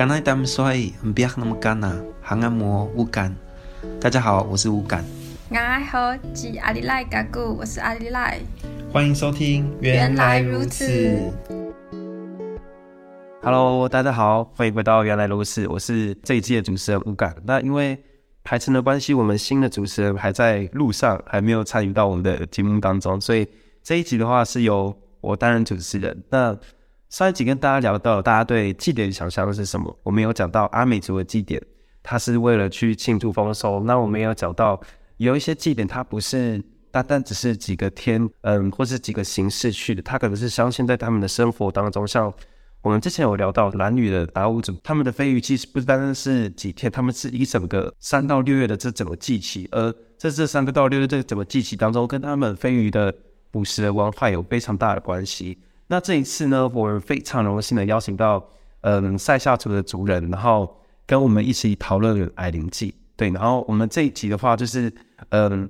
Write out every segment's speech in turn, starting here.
剛來，咱們帥，不要那麼干吶，還按摩，吳干。大家好，我是 Ukan。愛好是阿里賴加古，我是阿里賴。歡迎收聽《原來如此》。此 Hello，大家好，歡迎回到《原來如此》，我是這一季的主持人 Ukan。那因為排程的關係，我們新的主持人還在路上，還沒有參與到我們的節目當中，所以這一集的話是由我擔任主持人。那上一集跟大家聊到，大家對祭典的想象是什麼？我們有講到阿美族的祭典，它是為了去慶祝豐收。那我們也有講到，有一些祭典它不是單單只是幾個天，嗯，或是幾個形式去的，它可能是相信在他們的生活當中，像我們之前有聊到蘭嶼的達悟族，他們的飛魚其實不單單是幾天，他們是一整個三到六月的這整個祭期，而這這三個到六月這整個祭期當中，跟他們飛魚的捕食的文化有非常大的關係。那這一次呢，我非常榮幸的邀請到，嗯，賽夏族的族人，然後跟我們一起討論矮靈祭。對，然後我們這一集的話，就是，嗯，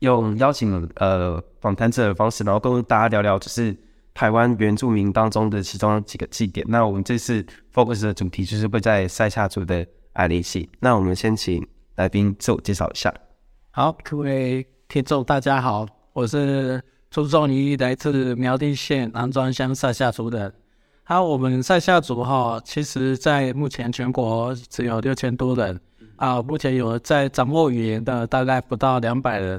用邀請呃訪談者的方式，然後跟大家聊聊，就是台灣原住民當中的其中幾個祭典。那我們這次 focus 的主題就是會在賽夏族的矮靈祭。那我們先請來賓自我介紹一下。好，各位聽眾大家好，我是。出生於來自苗栗縣南莊鄉賽夏族的，好，我們賽夏，下族哈、哦，其實在目前全國只有六千多人，嗯、哼啊，目前有在掌握語言的大概不到兩百人，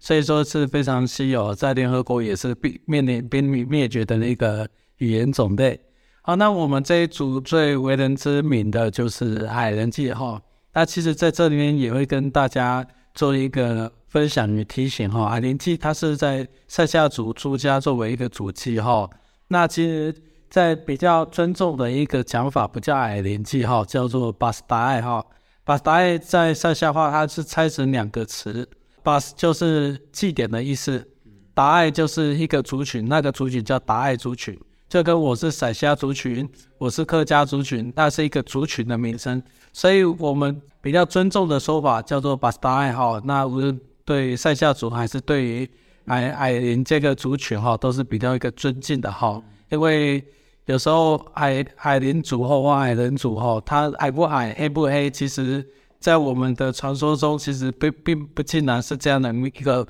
所以說是非常稀有，在聯合國也是瀕面臨瀕臨滅絕的一個語言種類。好，那我們這一族最為人知名的就是矮人祭哈、哦，那其實在這裡面也會跟大家做一個分享與提醒哈，矮靈祭它是在賽夏族朱家作為一個主祭哈、哦。那其實在比較尊重的一個講法，不叫矮靈祭哈，叫做巴斯達愛哈。巴斯達愛在賽夏話，它是拆成兩個詞，巴斯就是祭典的意思，嗯、達愛就是一個族群，那個族群叫達愛族群。這跟我是賽夏族群，我是客家族群，那是一個族群的名稱，所以我們比較尊重的說法叫做 ai,、哦“巴斯達隘”好那無論對賽夏族還是對於矮、嗯、矮靈這個族群哈，都是比較一個尊敬的哈。因為有時候矮矮靈族或矮人族吼，他矮，矮不矮，黑不黑，其實在我們的傳說中，其實並並不盡然是這樣的一個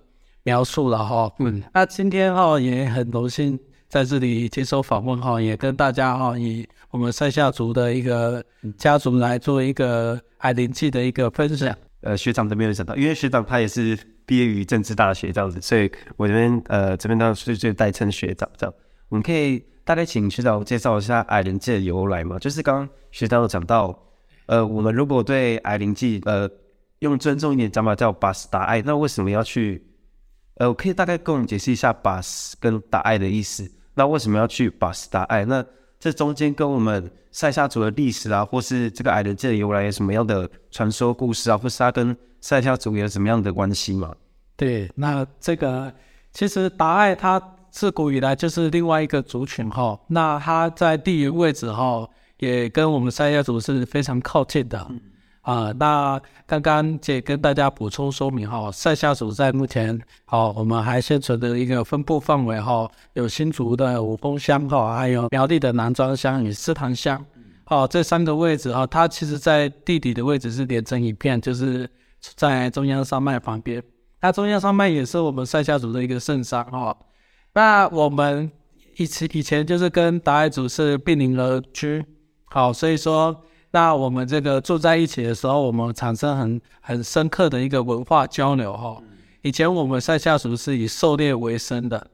描述了哈。哦、嗯，那今天哈也很榮幸。在這裡接受訪問哈，也跟大家哈，以我們賽夏族的一個家族來做一個矮靈祭的一個分享。呃，學長都沒有想到，因為學長他也是畢業於政治大學這樣子，所以我這邊呃這邊呢，然是就代稱學長這樣。我們可以大概請學長介紹一下矮靈祭的由來嗎？就是剛剛學長有講到，呃，我們如果對矮靈祭呃用尊重一點的講法叫巴斯達愛，那為什麼要去？呃，我可以大概跟我們解釋一下巴斯跟達愛的意思。那為什麼要去巴斯達隘？那這中間跟我們賽夏族的歷史啊，或是這個矮人這裡由來有什麼樣的傳說故事啊？或是它跟賽夏族有什麼樣的關係嗎？對，那這個其實達隘他自古以來就是另外一個族群哈、哦。那他在地理位置哈、哦，也跟我們賽夏族是非常靠近的。嗯啊，那剛剛姐跟大家補充說明哈，賽、哦、夏族在目前，好、哦，我們還現存的一個分布範圍哈、哦，有新竹的五峰鄉哈、哦，還有苗栗的南莊鄉與獅潭鄉，好、哦，這三個位置哈、哦，它其實在地底的位置是連成一片，就是在中央山脈旁邊，那中央山脈也是我們賽夏族的一個聖山哈、哦，那我們以前以前就是跟達隘族是並鄰而居，好、哦，所以說。那我們這個住在一起的時候，我們產生很很深刻的一個文化交流哈。以前我們在下屬是以狩獵為生的，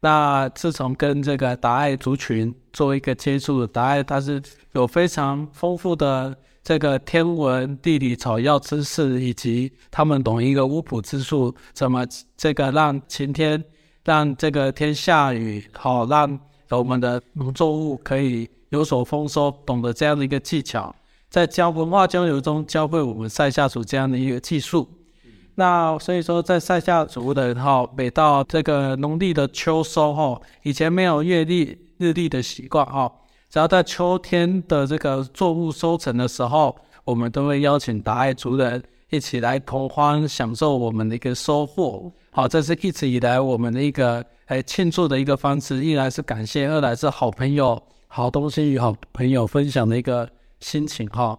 那自從跟這個達愛族群做一個接觸，達愛他是有非常豐富的這個天文、地理、草藥知識，以及他們懂一個巫卜之術，怎麼這個讓晴天，讓這個天下雨，好、哦、讓我們的農作物可以有所豐收，懂得這樣的一個技巧。在交文化交流中，教會我們賽夏族這樣的一個技術。那所以說，在賽夏族的哈、哦，每到這個農曆的秋收哈、哦，以前沒有月曆日曆的習慣哈、哦，只要在秋天的這個作物收成的時候，我們都會邀請達隘族人一起來同歡，享受我們的一個收穫。好，這是一直以來我們的一個哎慶祝的一個方式，一來是感謝，二來是好朋友、好東西與好朋友分享的一個。心情哈、哦，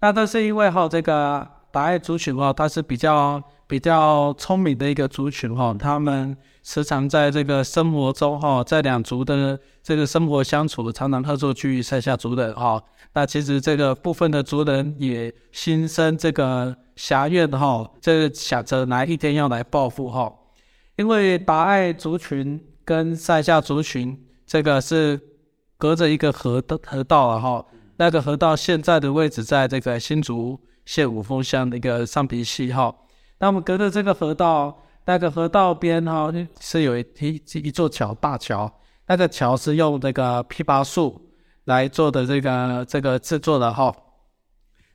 那都是因為哈、哦，這個達愛族群哈、哦，它是比較比較聰明的一個族群哈、哦，他們時常在這個生活中哈、哦，在兩族的這個生活相處，常常合作去賽夏族人哈、哦。那其實這個部分的族人也心生這個俠怨哈，這、哦就是、想着哪一天要來報復哈、哦，因為達愛族群跟賽夏族群這個是隔着一個河的河道了哈。啊那個河道現在的位置，在這個新竹縣五峰鄉的一個上坪溪哈。那我們隔着這個河道，那個河道邊哈是有一一一座橋，大橋。那個橋是用這個枇杷樹來做的，這個這個制作的哈。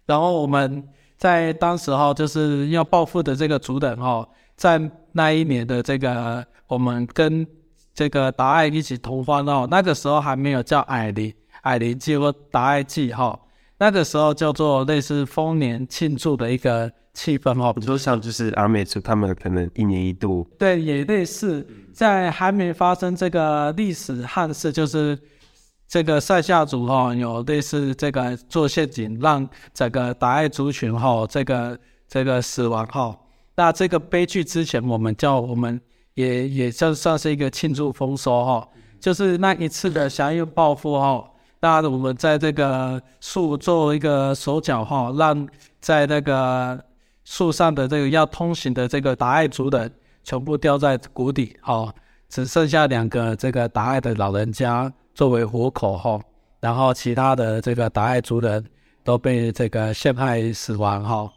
然後我們在當時哈，就是要報復的這個族人哈，在那一年的這個我們跟這個達愛一起同歡哦，那個時候還沒有叫矮靈。矮靈祭或達愛祭哈，那個時候叫做類似豐年慶祝的一個氣氛哈。比如像就是阿美族他們可能一年一度，對，也類似在還沒發生這個歷史憾事，就是這個賽夏族哈有類似這個做陷阱讓整個達愛族群哈這個這個死亡哈。那這個悲劇之前我們叫我們也也就算是一個慶祝豐收哈，就是那一次的相應報復哈。那我們在這個樹做一個手腳哈、哦，讓在那個樹上的這個要通行的這個達隘族人全部掉在谷底哈、哦，只剩下兩個這個達隘的老人家作為活口哈、哦，然後其他的這個達隘族人都被這個陷害死亡哈、哦。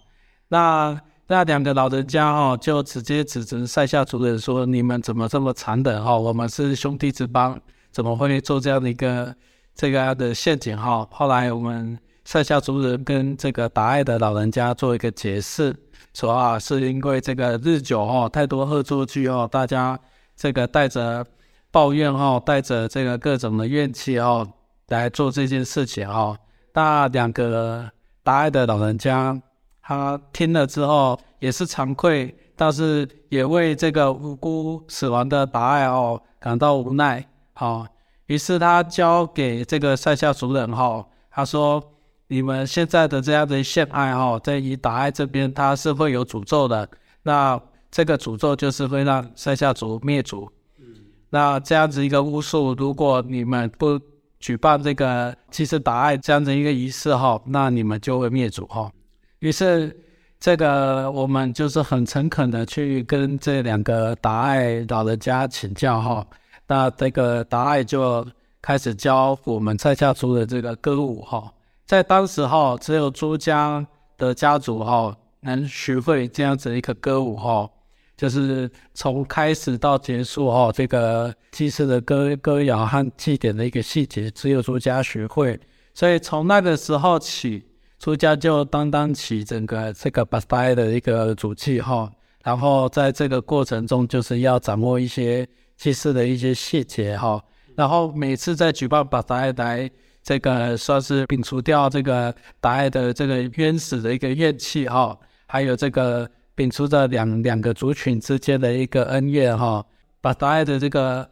那那兩個老人家哈、哦，就直接指責賽夏族人說：“你們怎麼這麼殘忍哈？我們是兄弟之邦，怎麼會做這樣的一個？”這個的陷阱哈、哦，後來我們塞夏族人跟這個達愛的老人家做一個解釋，說啊，是因為這個日久哈、哦，太多惡作劇哦，大家這個帶着抱怨哈、哦，帶着這個各種的怨氣哦，來做這件事情哦。那兩個達愛的老人家，他聽了之後也是慚愧，但是也為這個無辜死亡的達愛哦感到無奈啊。哦於是他交給這個塞夏族人哈，他說：“你們現在的這樣子獻愛哈，在於達愛這邊，它是會有詛咒的。那這個詛咒就是會讓賽夏族滅族。嗯，那這樣子一個巫術，如果你們不舉辦這個祭祀達愛這樣的一個儀式哈，那你們就會滅族哈。於是這個我們就是很誠懇的去跟這兩個達愛老人家請教哈。”那這個達賴就開始教我們在家族的這個歌舞哈、哦，在當時哈、哦，只有朱家的家族哈、哦、能學會這樣子一個歌舞哈、哦，就是從開始到結束哈、哦，這個祭祀的歌歌謠和祭典的一個細節，只有朱家學會。所以從那個時候起，朱家就擔當，當起整個這個巴塞的一個主祭哈、哦。然後在這個過程中，就是要掌握一些。祭祀的一些細節哈、哦，然後每次在舉辦把達愛，來這個算是摒除掉這個達愛的這個冤死的一個怨氣哈、哦，還有這個摒除的兩兩個族群之間的一個恩怨哈，把達愛的這個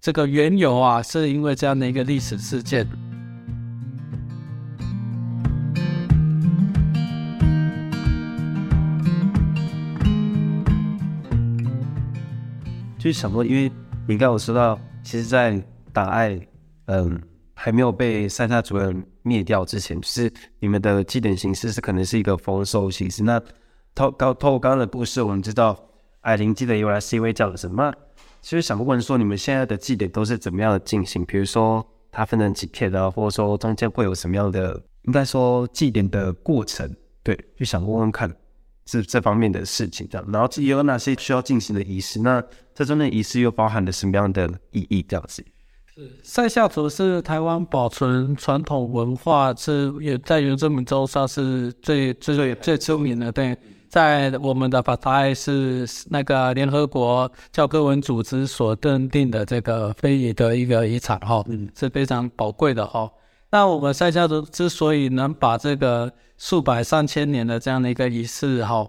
這個緣由啊，是因為這樣的一個歷史事件。就想問，因為應該我說到，其實在，在達隘嗯，還沒有被賽夏族人滅掉之前，就是你們的祭典形式是可能是一個豐收形式。那透高，透過剛剛的故事，我們知道矮靈祭的由來 c 一位叫了什麼？其實想過問說，你們現在的祭典都是怎麼樣的進行？比如說，它分成幾片啊，或者說中間會有什麼樣的？應該說祭典的過程，對，就想問問看。是這方面的事情，這樣，然後有哪些需要進行的儀式？那這中的儀式又包含了什麼樣的意義？這樣子，是賽夏族是台灣保存傳統文化是也在原住民族上，是最最對最最出名的，對，嗯、在我們的法台是那個聯合國教科文組織所認定的這個非遺的一個遺產，哦、哈、嗯，是非常寶貴的，哦、哈。那我們賽夏族之所以能把這個數百上千年的這樣的一個儀式哈，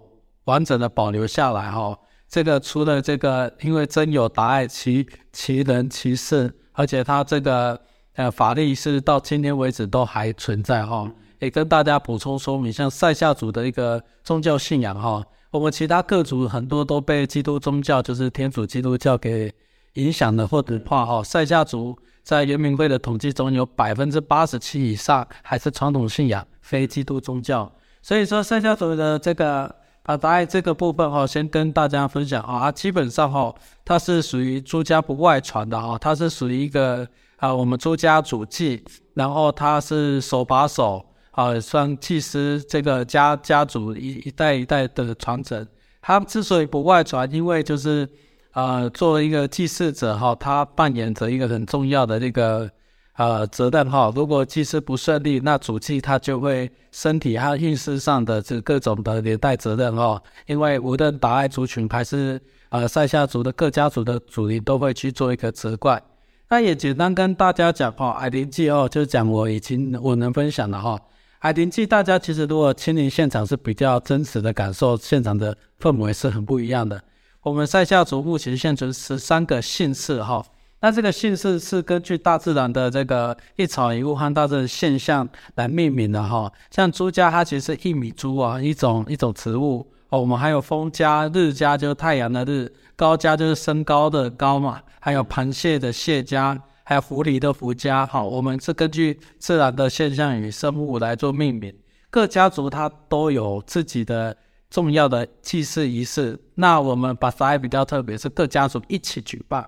完整的保留下來哈，這個除了這個，因為真有大愛其其人其事，而且他這個呃法力是到今天為止都還存在哈。也跟大家補充說明，像賽夏族的一個宗教信仰哈，我們其他各族很多都被基督宗教，就是天主基督教給影響的或者怕哈，賽夏族。在原民會的統計中有87，有百分之八十七以上還是傳統信仰、非基督宗教。所以說，聖教組的這個啊，大概這個部分哈、哦，先跟大家分享、哦、啊，基本上哈、哦，它是屬於朱家不外傳的啊、哦，它是屬於一個啊，我們朱家祖祭，然後它是手把手啊，算祭師這個家家族一一代一代的傳承。它之所以不外傳，因為就是。呃，作為一個祭祀者哈、哦，他扮演着一個很重要的這、那個呃責任哈、哦。如果祭祀不順利，那主祭他就會身體和運勢上的這各種的連帶責任哦。因為無論大隘族群還是呃賽夏族的各家族的主力都會去做一個責怪。那也簡單跟大家講哈，矮靈祭哦，就是講我已經我能分享的哈，矮靈祭大家其實如果親臨現場是比較真實的感受，現場的氛圍是很不一樣的。我們賽夏族目前現存十三個姓氏哈、哦，那這個姓氏是根據大自然的這個一草一木和大自然的現象來命名的哈、哦。像朱家，它其實是薏米珠啊，一種一種植物哦。我們還有風家、日家，就是太陽的日；高家就是身高的高嘛，還有螃蟹的蟹家，還有狐狸的狐家。哈、哦，我們是根據自然的現象與生物來做命名。各家族它都有自己的重要的祭祀儀式，那我們把塞比較特別，是各家族一起舉辦。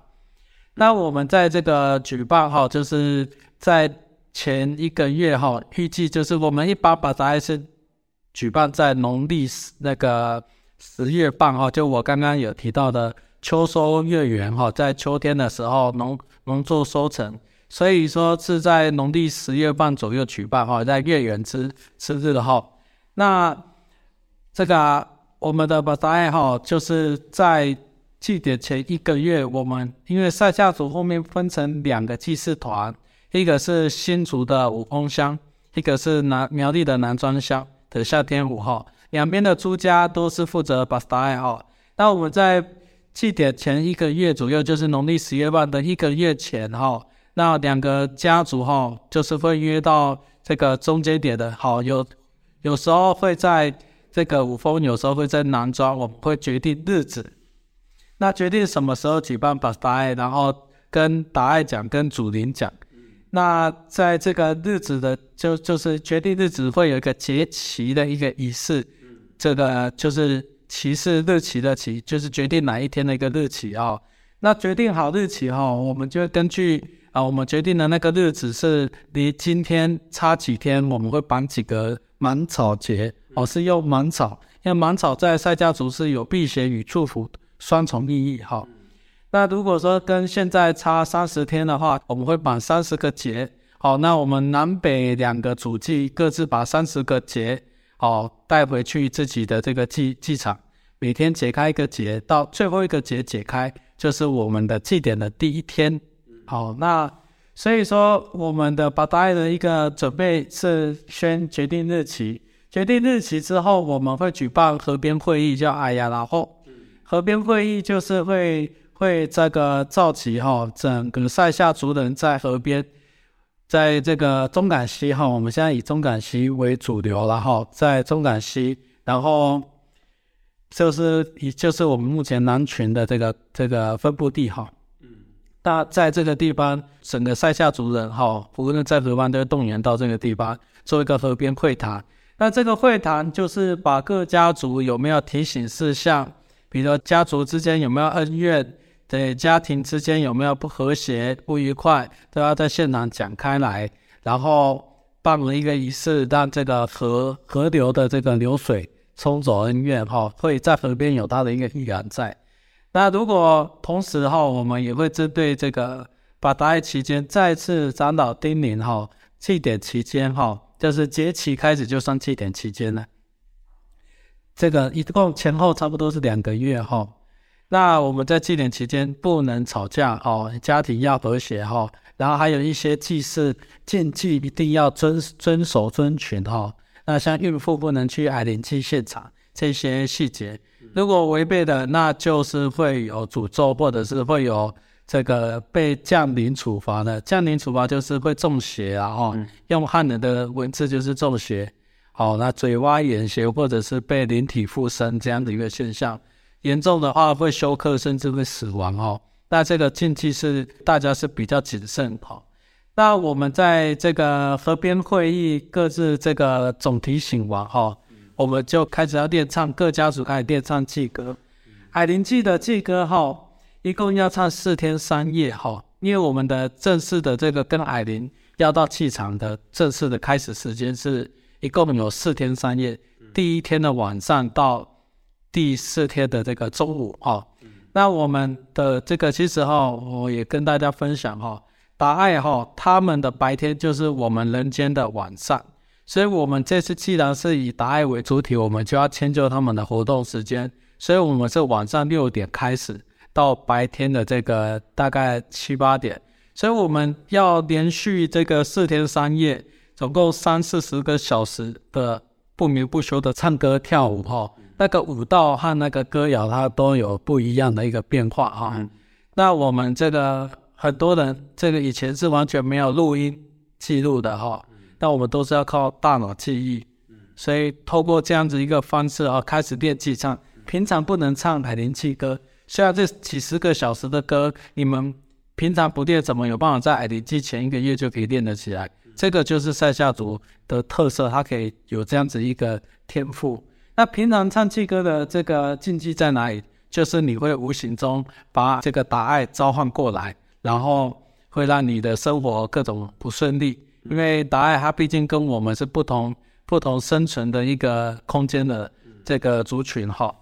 那我們在這個舉辦哈，就是在前一個月哈，預計就是我們一般把塞是舉辦在農曆那個十月半哈，就我剛剛有提到的秋收月圓哈，在秋天的時候農農作收成，所以說是在農曆十月半左右舉辦哈，在月圓之之日哈，那。這個我們的巴斯達隘就是在祭典前一個月，我們因為賽夏族後面分成兩個祭祀團，一個是新竹的五峰鄉，一個是南苗栗的南莊鄉的向天湖、哦，兩邊的朱家都是負責巴斯達隘。那我們在祭典前一個月左右，就是農曆十月半的一個月前哈、哦，那兩個家族哈、哦，就是會約到這個中間點的，好、哦、有有時候會在。這個五峰，有時候會在南莊，我們會決定日子，那決定什麼時候舉辦拔愛，然後跟答愛講，跟祖靈講。那在這個日子的，就就是決定日子會有一個結期的一個儀式，嗯、這個就是期是日期的期，就是決定哪一天的一個日期啊、哦。那決定好日期哈、哦，我們就根據啊、呃，我們決定的那個日子是離今天差幾天，我們會綁幾個芒草結。哦，是用芒草，因為芒草在賽夏族是有辟邪與祝福雙重意義。哈，嗯、那如果說跟現在差三十天的話，我們會綁三十個結。好，那我們南北兩個主祭各自把三十個結，好帶回去自己的這個祭祭場，每天解開一個結，到最後一個結解開，就是我們的祭典的第一天。嗯、好，那所以說我們的巴達人的一個準備是先決定日期。決定日期之後，我們會舉辦河邊會議，叫阿亞，然後河邊會議就是會會這個召集哈、哦，整個賽夏族人在河邊，在這個中港溪哈、哦，我們現在以中港溪為主流了、哦，然後在中港溪，然後就是以就是我們目前南群的這個這個分布地哈、哦。嗯，那在這個地方，整個賽夏族人哈、哦，無論在何方都要動員到這個地方，做一個河邊會談。那這個會談就是把各家族有沒有提醒事項，比如家族之間有沒有恩怨，對家庭之間有沒有不和諧、不愉快，都要在現場講開來，然後辦了一個儀式，讓這個河河流的這個流水沖走恩怨，哈、哦，會在河邊有他的一個意涵在。那如果同時哈、哦，我們也會針對這個把答謝期間再次長老叮嚀哈，祭、哦、典期間哈。哦就是節氣開始就算祭典期間了，這個一共前後差不多是兩個月哈。那我們在祭典期間不能吵架哦，家庭要和諧哈、哦。然後還有一些祭祀禁忌一定要遵遵守遵循哈、哦。那像孕婦不能去矮靈祭現場，這些細節如果違背的，那就是會有詛咒或者是會有。這個被降臨處罰的降臨處罰就是會中邪啊，哈、哦，嗯、用漢人的文字就是中邪。好、哦，那嘴歪眼斜，或者是被靈體附身這樣的一個現象，嚴重的話會休克，甚至會死亡哦。那這個禁忌是大家是比較謹慎、哦、那我們在這個河邊會議各自這個總提醒完哈，哦嗯、我們就開始要練唱，各家族開始練唱祭歌，嗯、矮靈祭的祭歌一共要唱四天三夜哈，因為我們的正式的這個跟矮靈要到氣場的正式的開始時間是一共有四天三夜，第一天的晚上到第四天的這個中午哈。那我們的這個其實哈，我也跟大家分享哈，達愛哈他們的白天就是我們人間的晚上，所以我們這次既然是以達愛為主體，我們就要遷就他們的活動時間，所以我們是晚上六點開始。到白天的這個大概七八點，所以我們要連續這個四天三夜，總共三四十個小時的不眠不休的唱歌跳舞哈。嗯、那個舞蹈和那個歌謠它都有不一樣的一個變化哈。嗯、那我們這個很多人這個以前是完全沒有錄音記錄的哈，但我們都是要靠大腦記憶，所以透過這樣子一個方式啊，開始練祭唱，平常不能唱矮靈祭歌。像這幾十個小時的歌，你們平常不練，怎麼有辦法在矮靈祭之前一個月就可以練得起來？這個就是賽夏族的特色，它可以有這樣子一個天賦。那平常唱祭歌的這個禁忌在哪裡？就是你會無形中把這個達愛召喚過來，然後會讓你的生活各種不順利。因為達愛它畢竟跟我們是不同、不同生存的一個空間的這個族群，哈。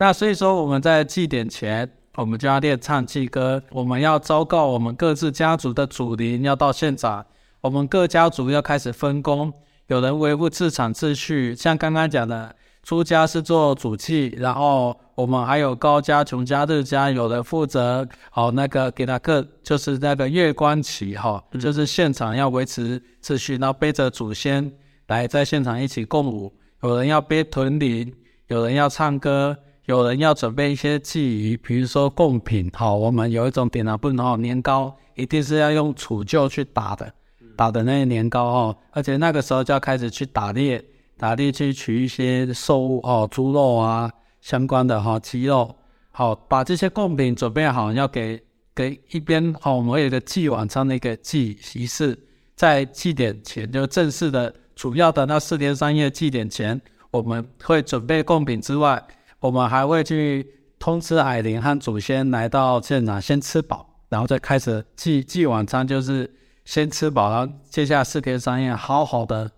那所以說，我們在祭典前，我們就要練唱祭歌。我們要昭告我們各自家族的祖靈要到現場。我們各家族要開始分工，有人維護現場秩序，像剛剛講的，朱家是做主祭，然後我們還有高家、窮家、日家，有人負責哦那個給他各就是那個月光旗哈，哦嗯、就是現場要維持秩序，然後背着祖先來在現場一起共舞。有人要背臀鈴，有人要唱歌。有人要準備一些祭儀，比如說貢品，好，我們有一種點、啊、不能哈，年糕一定是要用杵臼去打的，打的那些年糕哈、哦，而且那個時候就要開始去打獵，打獵去取一些獸哦，豬肉啊相關的哈，雞、哦、肉，好，把這些貢品準備好，要給給一邊哦，我們會有個祭晚上的一個祭儀式，在祭典前就正式的主要的那四天三夜祭典前，我們會準備貢品之外。我們還會去通知矮靈和祖先來到現場，先吃飽，然後再開始祭祭晚餐，就是先吃飽，然後接下來四天三夜好好的，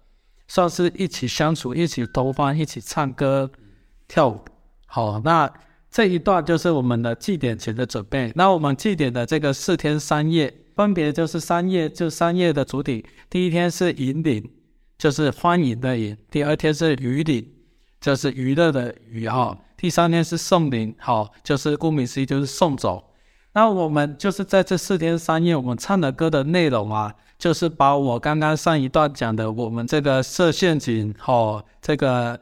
算是一起相處、一起同歡、一起唱歌跳舞。好，那這一段就是我們的祭典前的準備。那我們祭典的這個四天三夜，分別就是三夜，就三夜的主體。第一天是迎靈，就是歡迎的迎；第二天是娛靈，就是娛樂的娛、啊。哈。第三天是送靈，好、哦，就是顧名思義就是送走。那我們就是在這四天三夜，我們唱的歌的內容啊，就是把我剛剛上一段講的我們這個設陷阱，哈、哦，這個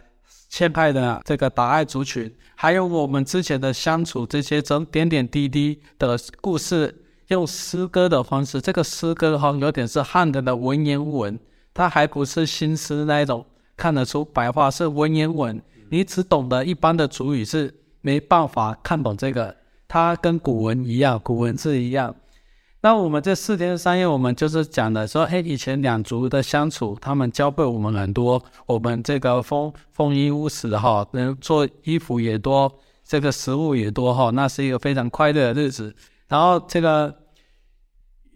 欠派的這個打愛族群，還有我們之前的相處這些整點點滴滴的故事，用詩歌的方式，這個詩歌哈、哦、有點是漢人的文言文，它還不是新詩那種看得出白話是文言文。你只懂得一般的族語是沒辦法看懂這個，它跟古文一樣，古文字一樣。那我們這四天三夜，我們就是講的說，哎，以前兩族的相處，他們教會我們很多，我們這個豐豐衣足食哈，能做衣服也多，這個食物也多哈，那是一個非常快樂的日子。然後這個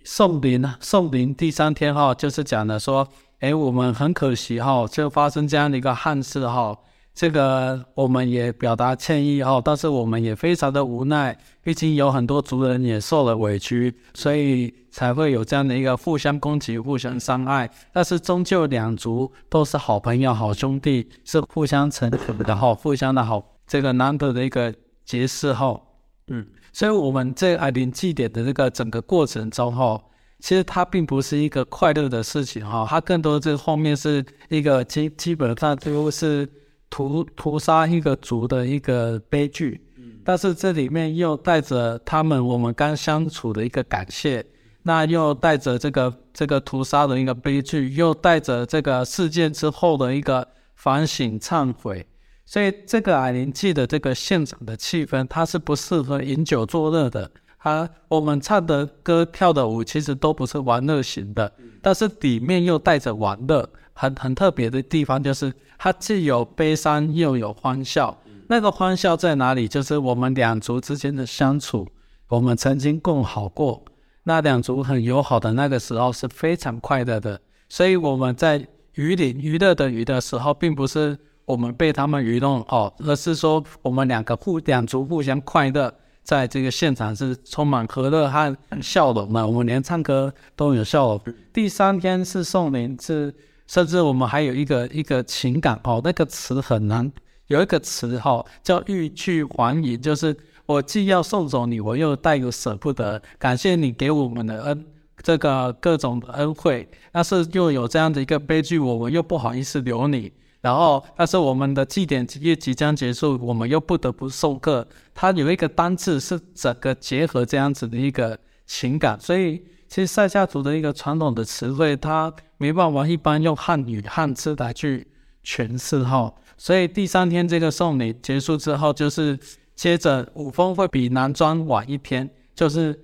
送靈，送靈第三天哈，就是講的說，誒、哎，我們很可惜哈，就發生這樣的一個憾事哈。這個我們也表達歉意哈、哦，但是我們也非常的無奈，畢竟有很多族人也受了委屈，所以才會有這樣的一個互相攻擊、互相傷害。但是終究兩族都是好朋友、好兄弟，是互相成全的、哦、 互相的好，這個難得的一個結識哈、哦。嗯，所以我們在矮靈祭典的這個整個過程中哈、哦，其實它並不是一個快樂的事情哈、哦，它更多的這後面是一個基基本上都、就是。屠屠殺一個族的一個悲劇，但是這裡面又帶着他們我們剛相處的一個感謝，那又帶着這個這個屠殺的一個悲劇，又帶着這個事件之後的一個反省懺悔，所以這個矮靈祭的這個現場的氣氛，它是不適合飲酒作樂的，啊，我們唱的歌跳的舞其實都不是玩樂型的，但是裡面又帶着玩樂。很很特別的地方就是它既有悲傷又有歡笑。那個歡笑在哪裡？就是我們兩族之間的相處，我們曾經共好過。那兩族很友好的那個時候是非常快樂的。所以我們在娛靈娛樂的娛的時候，並不是我們被他們愚弄哦，而是說我們兩個互兩族互相快樂，在這個現場是充滿和樂和笑容的，我們連唱歌都有笑容。第三天是送靈是。甚至我們還有一個一個情感哦，那個詞很難。有一個詞哈、哦、叫欲拒還迎，就是我既要送走你，我又帶有舍不得。感謝你給我們的恩，這個各種的恩惠，但是又有這樣的一個悲劇，我我又不好意思留你。然後，但是我們的祭典也即將結束，我們又不得不送客。它有一個單字是整個結合這樣子的一個情感，所以其實賽夏族的一個傳統的詞彙，它。沒辦法，一般用漢語漢字來去詮釋哈。所以第三天這個送靈結束之後，就是接着五峰會比南莊晚一天，就是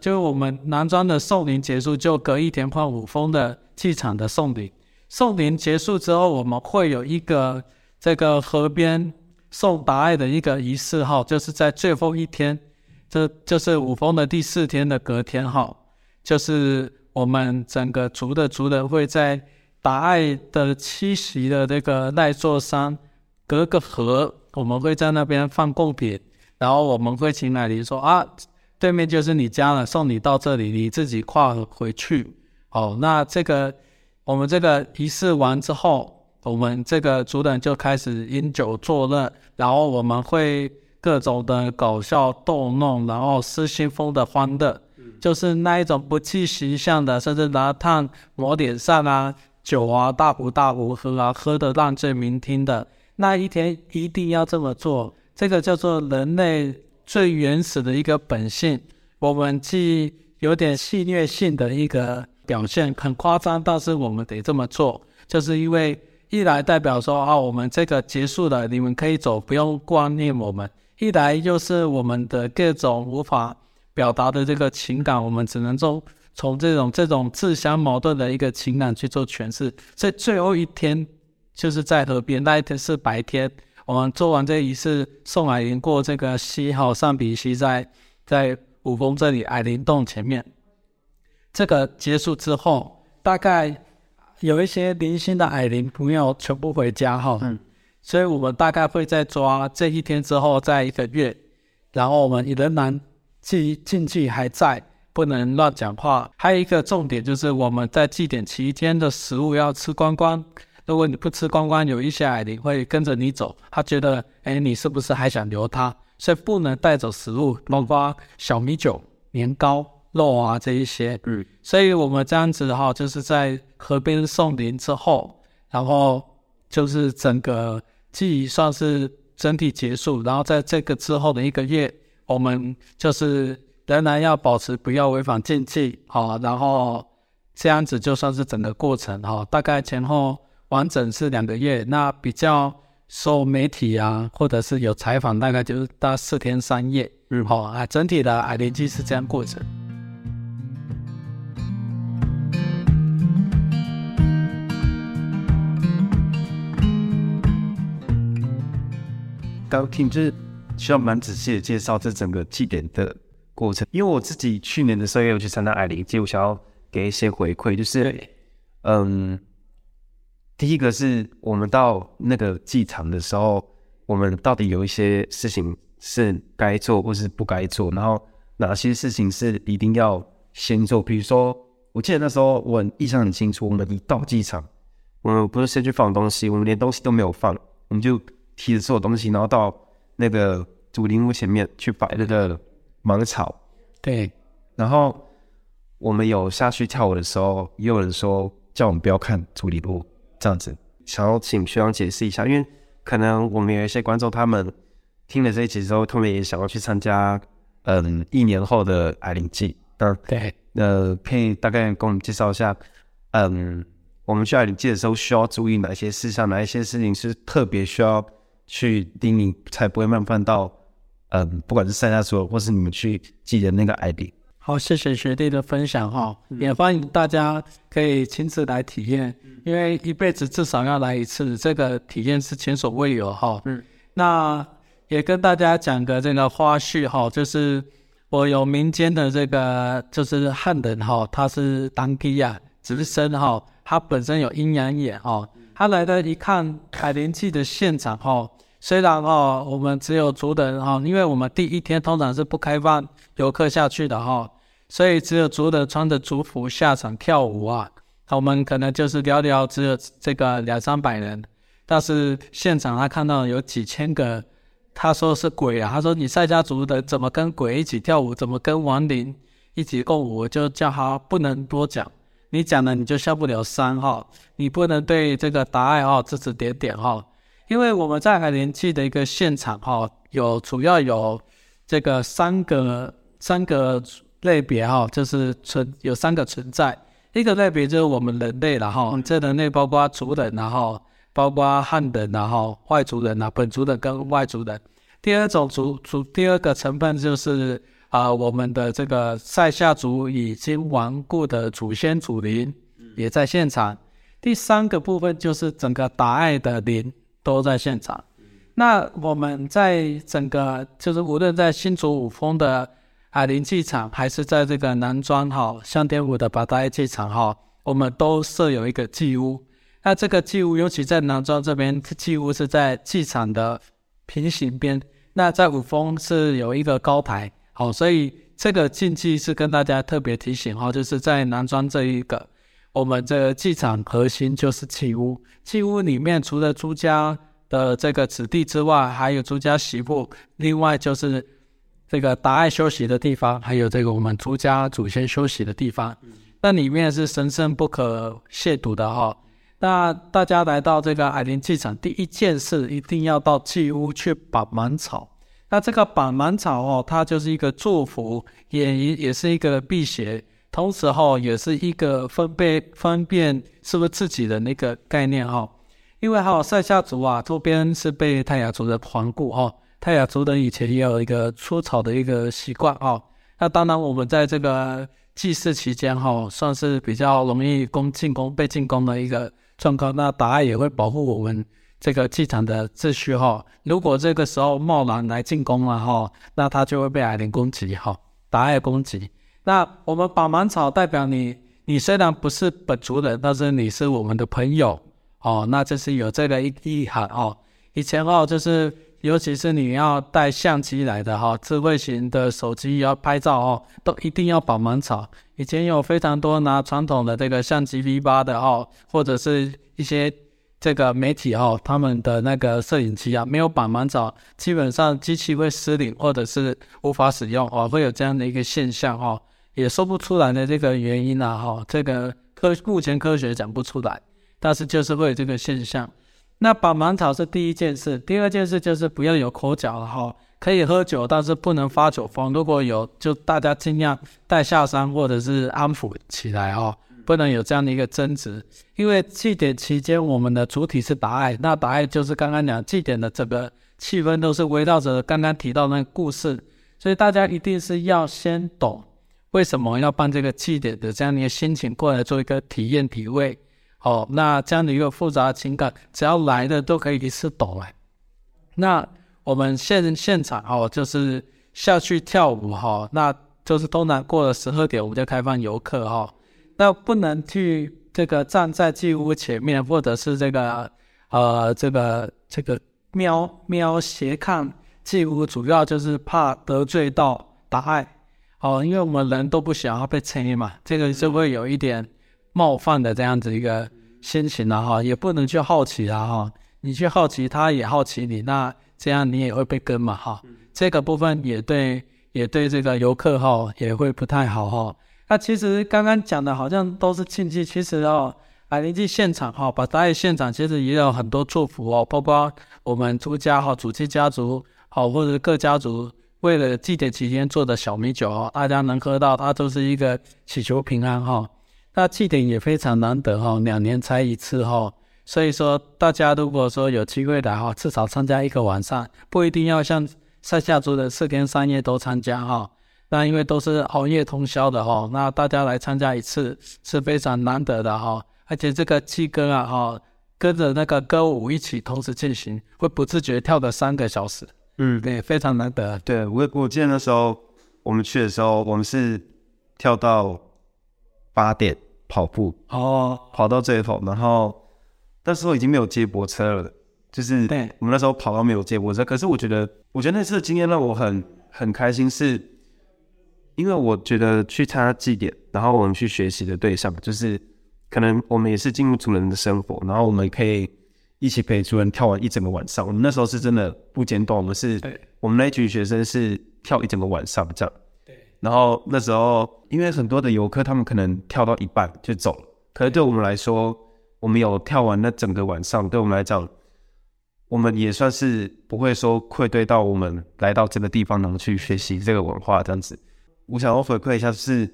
就我們南莊的送靈結束，就隔一天換五峰的祭場的送靈。送靈結束之後，我們會有一個這個河邊送達隘的一個儀式哈，就是在最後一天，這就，就是五峰的第四天的隔天哈，就是。我們整個族的族人會在達愛的七夕的那個奈座山隔個河，我們會在那邊放貢品，然後我們會請來你說啊，對面就是你家了，送你到這裡，你自己跨河回去。哦，那這個我們這個儀式完之後，我們這個族人就開始飲酒作樂，然後我們會各種的搞笑逗弄，然後失心瘋的歡樂。就是那一種不計形象的，甚至拿炭抹臉上啊，酒啊，大壺大壺喝啊，喝得爛醉酩酊的，那一天一定要這麼做。這個叫做人類最原始的一個本性，我們既有點戲謔性的一個表現，很誇張，但是我們得這麼做，就是因為一來代表說啊，我們這個結束了，你們可以走，不用掛念我們；一來又是我們的各種無法表達的這個情感，我們只能做從這種這種自相矛盾的一個情感去做詮釋。所以最後一天，就是在河邊那一天是白天，我們做完這儀式送矮靈過這個溪，好上比溪，在在五峰這裡矮靈洞前面，這個結束之後，大概有一些零星的矮靈沒有全部回家哈。嗯，所以我們大概會在抓這一天之後再一個月，然後我們也仍然。祭儀禁忌還在，不能亂講話。還有一個重點就是，我們在祭典期間的食物要吃光光。如果你不吃光光，有一些矮靈會跟着你走，他覺得，哎，你是不是還想留他？所以不能帶走食物，包括小米酒、年糕、肉啊這一些。嗯，所以我們這樣子的話、哦，就是在河邊送靈之後，然後就是整個祭儀算是整體結束。然後在這個之後的一個月。我們就是仍然要保持不要違反禁忌，好、哦，然後這樣子就算是整個過程，哈、哦，大概前後完整是兩個月。那比較受媒體啊，或者是有採訪，大概就是大四天三夜，嗯，好、哦、啊，整體的 I D G 是這樣過程。高庭志。需要蠻仔細的介紹，這整個祭典的過程，因為我自己去年的時候也有去參加矮靈祭，就我想要給一些回饋，就是，對嗯，第一個是我們到那個祭場的時候，我們到底有一些事情是該做或是不該做，然後哪些事情是一定要先做，比如說，我記得那時候我印象很清楚，我們一到祭場，我們不是先去放東西，我們連東西都沒有放，我們就提着所有東西，然後到。那個主林屋前面去擺那個芒草，對。然後我們有下去跳舞的時候，也有人說叫我們不要看主林屋這樣子。想要請學長解釋一下，因為可能我們有一些觀眾他們聽了這一集之後，他們也想要去參加，嗯，一年後的矮靈祭。對，呃，可以大概跟我們介紹一下，嗯，我們去矮靈祭的時候需要注意哪些事項，哪一些事情是特別需要。去叮嚀，才不會冒犯到，嗯，不管是賽夏族，或是你們去祭的那個矮靈。好，謝謝學弟的分享哈、哦，嗯、也歡迎大家可以親自來體驗，嗯、因為一輩子至少要來一次，這個體驗是前所未有哈、哦。嗯，那也跟大家講個這個花絮哈、哦，就是我有民間的這個就是漢人哈、哦，他是當地啊，是生。哈，他本身有陰陽眼哈、哦。嗯他來的一看矮靈祭的現場、哦，哈，雖然哈、哦，我們只有族人哈、哦，因為我們第一天通常是不開放遊客下去的哈、哦，所以只有族人穿着族服下場跳舞啊。我們可能就是寥寥只有這個兩三百人，但是現場他看到有幾千個，他說是鬼啊，他說你賽夏族的怎麼跟鬼一起跳舞，怎麼跟亡靈一起共舞，我就叫他不能多講。你講了你就下不了山哈、哦，你不能對這個答案哈指指點點哈、哦，因為我們在矮靈祭的一個現場哈、哦，有主要有這個三個三個類別哈、哦，就是存有三個存在，一個類別就是我們人類了哈、啊，這人類包括族人然後、啊、包括漢人然後、啊、外族人啊，本族人跟外族人，第二種族族第二個成分就是。啊、呃，我們的這個賽夏族已經亡故的祖先祖靈，也在現場。第三個部分就是整個達愛的靈都在現場。那我們在整個就是無論在新竹五峰的矮靈祭場，還是在這個南莊哈，向天湖的八大祭場哈，我們都設有一個祭屋。那這個祭屋尤其在南莊這邊，祭屋是在祭場的平行邊。那在五峰是有一個高台。好，所以這個禁忌是跟大家特別提醒，哈、哦，就是在南莊這一個，我們這個祭場核心就是祭屋。祭屋裡面除了朱家的這個子弟之外，還有朱家媳婦，另外就是這個達愛休息的地方，還有這個我們朱家祖先休息的地方。嗯。那裡面是神聖不可褻瀆的哈、哦。那大家來到這個矮靈祭場，第一件事一定要到祭屋去把芒草。那這個板藍草哦，它就是一個祝福，也也也是一個辟邪，同時哈、哦，也是一個分辨分辨是不是自己的那個概念哈、哦。因為哈、哦，賽夏族啊，周邊是被泰雅族的環顧哈、哦，泰雅族的以前也有一個出草的一個習慣啊、哦。那當然，我們在這個祭祀期間哈、哦，算是比較容易攻進攻被進攻的一個狀況，那答案也會保護我們。這個祭場的秩序哈、哦，如果這個時候貿然來進攻了哈、哦，那他就會被矮靈攻擊哈、哦，打矮攻擊。那我們寶芒草代表你，你雖然不是本族人，但是你是我們的朋友哦。那就是有這個一意涵哦。以前哦，就是尤其是你要帶相機來的哈、哦，智慧型的手機要拍照哦，都一定要寶芒草。以前有非常多拿傳統的這個相機 V8 的哦，或者是一些。這個媒體哦，他們的那個攝影機啊，沒有綁芒草，基本上機器會失靈或者是無法使用哦，會有這樣的一個現象哈、哦，也說不出來的這個原因啊哈、哦，這個科目前科學講不出來，但是就是會有這個現象。那綁芒草是第一件事，第二件事就是不要有口角了哈、哦，可以喝酒，但是不能發酒瘋，如果有就大家儘量帶下山或者是安撫起來哦。不能有這樣的一個爭執，因為祭典期間我們的主體是達隘，那達隘就是剛剛講祭典的這個氣氛都是圍繞着剛剛提到的那個故事，所以大家一定是要先懂為什麼要辦這個祭典的這樣的一個心情過來做一個體驗體味，哦，那這樣的一個複雜的情感，只要來的都可以一次懂來、哎。那我們現現場哦，就是下去跳舞哈、哦，那就是通常過了十二點，我們就開放遊客哈、哦。那不能去這個站在祭屋前面，或者是這個呃，這個這個瞄瞄斜看祭屋，主要就是怕得罪到達隘，哦，因為我們人都不想要被輕易嘛，這個就會有一點冒犯的這樣子一個心情了、啊、哈，也不能去好奇啊哈，你去好奇，他也好奇你，那這樣你也會被跟嘛哈，嗯、這個部分也對也對這個遊客哈也會不太好哈。那、啊、其實剛剛講的好像都是禁忌，其實哦，來臨近現場哈、哦，把答謝現場其實也有很多祝福哦，包括我們朱家哈、哦、主祭家族好、哦、或者各家族為了祭典期間做的小米酒、哦、大家能喝到，它都是一個祈求平安哈、哦。那祭典也非常難得哈、哦，兩年才一次哈、哦，所以說大家如果說有機會來哈、哦，至少參加一個晚上，不一定要像上下周的四天三夜都參加哈、哦。那因為都是熬夜通宵的哈、哦，那大家來參加一次是非常難得的哈、哦，而且這個祭歌啊哈、哦，跟着那個歌舞一起同時進行，會不自覺跳到三個小時。嗯，對，非常難得。對，我我記得那時候我們去的時候，我們是跳到八點跑步哦，跑到最後，然後那時候已經沒有接駁車了，就是對，我們那時候跑到沒有接駁車。可是我覺得，我覺得那次的經驗讓我很很開心是。因為我覺得去參加祭典然後我們去學習的對象就是，可能我們也是進入主人的生活，然後我們可以一起陪主人跳完一整個晚上。我們那時候是真的不間斷，我們是，我們那一群學生是跳一整個晚上這樣。對。然後那時候，因為很多的遊客他們可能跳到一半就走了，可是對我們來說，對我們有跳完那整個晚上，對我們來講，我們也算是不會說愧對到我們來到這個地方能去學習這個文化這樣子。我想要回饋一下，是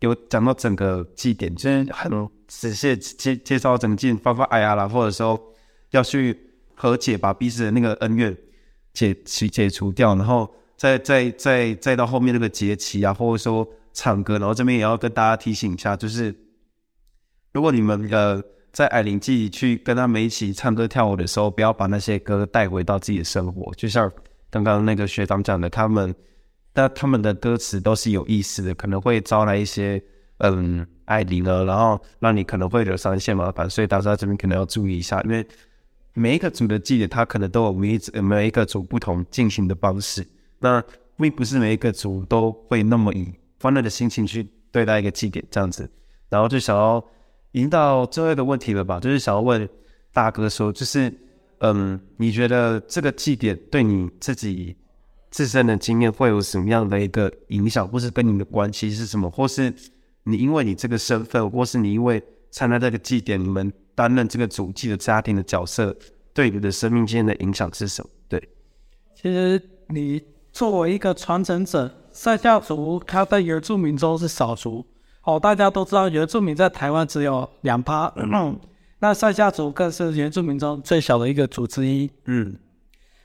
給我講到整個祭典，就是很仔細介介紹整個祭發方法，哎呀啦，或者說要去和解，把彼此的那個恩怨解去解除掉，然後再再再再到後面那個節集啊，或者說唱歌，然後這邊也要跟大家提醒一下，就是如果你們呃在矮靈祭去跟他們一起唱歌跳舞的時候，不要把那些歌帶回到自己的生活，就像剛剛那個學長講的，他們。那他們的歌詞都是有意思的，可能會招來一些嗯矮靈了，然後讓你可能會惹上一些麻煩，所以大家這邊可能要注意一下，因為每一個組的祭典，它可能都有每一、呃、每一個組不同進行的方式，那並不是每一個組都會那麼以歡樂的心情去對待一個祭典這樣子，然後就想要引導最後一個問題了吧，就是想要問大哥說，就是嗯，你覺得這個祭典對你自己自身的經驗會有什麼樣的一個影響，或是跟你的關係是什麼，或是你因為你這個身份，或是你因為參加這個祭典，你們擔任這個主祭的家庭的角色，對你的生命經驗的影響是什麼？對，其實你作為一個傳承者，賽夏族它在原住民中是少數。哦，大家都知道原住民在台灣只有兩趴。嗯。那賽夏族更是原住民中最小的一個族之一。嗯。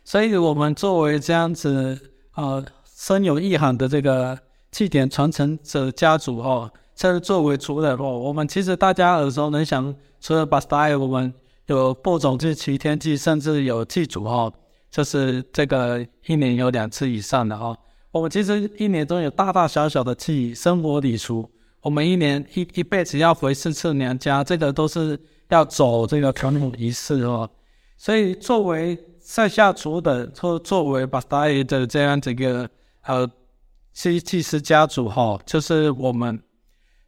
所以我們作為這樣子，呃，深有意涵的這個祭典傳承者家族哈、哦，這是作為族人哦，我們其實大家耳熟能詳，除了巴斯達隘，我們有播種祭、祈天祭，甚至有祭祖哦，就是這個一年有兩次以上的哦。我們其實一年中有大大小小的祭生活禮俗，我們一年一一輩子要回四次娘家，這個都是要走這個傳統儀式哦。所以作為賽夏，夏族的作作為巴塞的這樣子一個呃，祭祭祀家族哈、哦，就是我們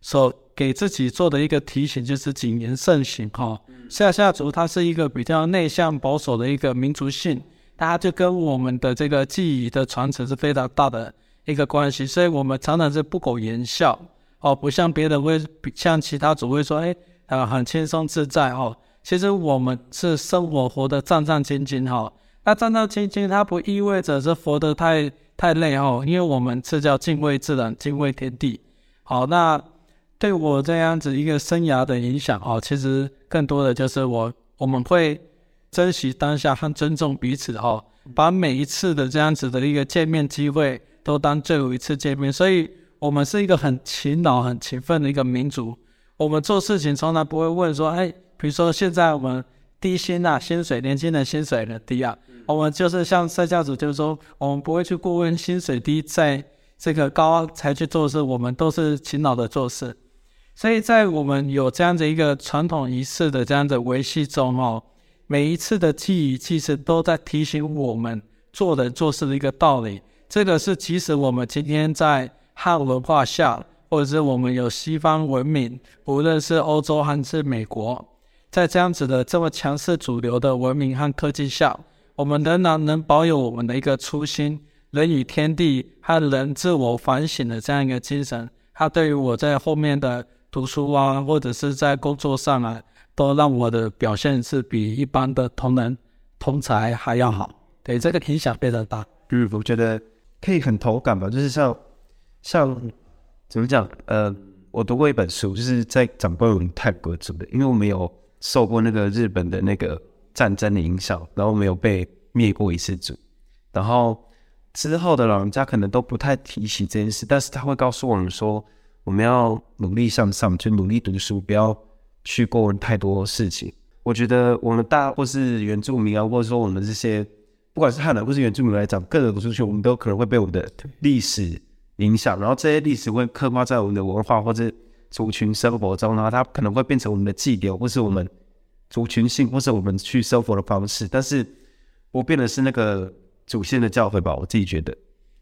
所給自己做的一個提醒，就是謹言慎行哈、哦。賽、嗯、夏，夏族它是一個比較內向保守的一個民族性，它就跟我們的這個記憶的傳承是非常大的一個關係，所以我們常常是不苟言笑哦，不像別人會像其他族會說，誒、欸、呃，很輕鬆自在哦。其實我們是生活活得戰戰兢兢哈，那戰戰兢兢它不意味着是活得太太累哈、哦，因為我們是叫敬畏自然、敬畏天地。好，那對我這樣子一個生涯的影響啊、哦，其實更多的就是我我們會珍惜當下和尊重彼此哈、哦，把每一次的這樣子的一個見面機會都當最後一次見面。所以我們是一個很勤勞、很勤奮的一個民族。我們做事情從來不會問說，哎。比如說現在我們低薪啊，薪水年輕人薪水很低啊。嗯、我們就是像賽夏族，就是說我們不會去過問薪水低，在這個高才去做事，我們都是勤勞的做事。所以在我們有這樣的一個傳統儀式的這樣子維繫中哦，每一次的祭儀，其實都在提醒我們做人做事的一個道理。這個是其實我們今天在漢文化下，或者是我們有西方文明，無論是歐洲還是美國。在這樣子的這麼強勢主流的文明和科技下，我們仍然能保有我們的一個初心，人與天地和人自我反省的這樣一個精神。它對於我在後面的讀書啊，或者是在工作上啊，都讓我的表現是比一般的同仁、同才還要好。對，這個影響非常大。嗯，我覺得可以很投感吧，就是像像怎麼講？呃，我讀過一本書，就是在長官文泰閣做的，因為我沒有。受過那個日本的那個戰爭的影響，然後沒有被滅過一次族，然後之後的老人家可能都不太提起這件事，但是他會告訴我們說，我們要努力向上，上，去努力讀書，不要去過問太多事情。我覺得我們大或是原住民啊，或者說我們這些不管是漢人或是原住民來講，各個族群，我們都可能會被我們的歷史影響，然後這些歷史會刻劃在我們的文化或者。族群生活中的、啊、話，它可能會變成我們的祭流，或是我們族群性，或是我們去生活的方式。但是，不變的是那個祖先的教誨吧，我自己覺得。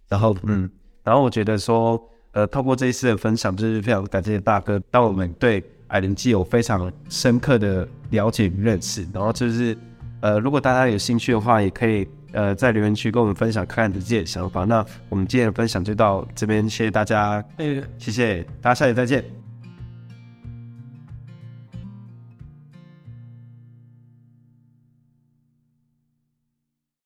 然後，嗯，然後我覺得說，呃，透過這一次的分享，就是非常感謝大哥，當我們對矮人祭有非常深刻的了解與認識。然後就是，呃，如果大家有興趣的話，也可以呃在留言區跟我們分享看看你自己的想法。那我們今天的分享就到這邊，謝謝大家，哎、呦謝謝大家，下期再見。